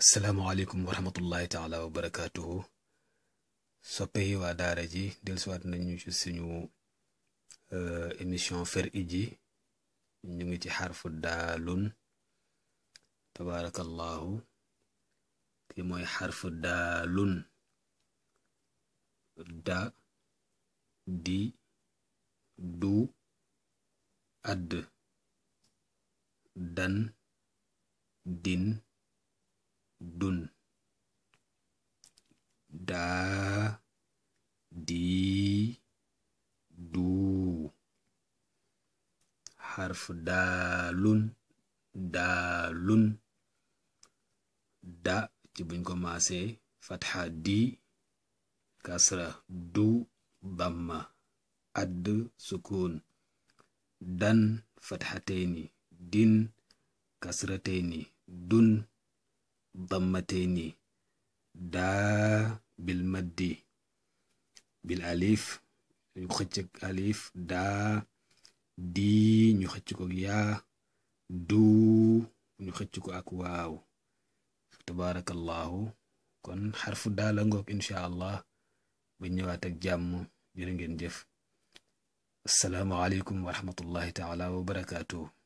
asalaamaaleykum wa rahmatullahi taala wa barakaatuhu soppe yi waa daara ji dellusiwaat nañu suñu euh, émission fer iji ñu ngi ci xarfu daalun tabaarakallahu kii mooy xarfu daalun da di du add dan din da di du harf dalun dalun da ci buñ ko masé fatha di kasra du bamma ad sukun dan fathataini din kasrataini dun dammataini da bil maddi bil alif xëcc ak alif daa di ñu xëcc ko ak yaa du ñu xëcc ko ak waaw tabaarakallaahu kon xarfu daal la ngoog allah ba ñëwaat ak jàmm jërë ngeen jëf asalaamualeykum wa rahmatullahi taala wa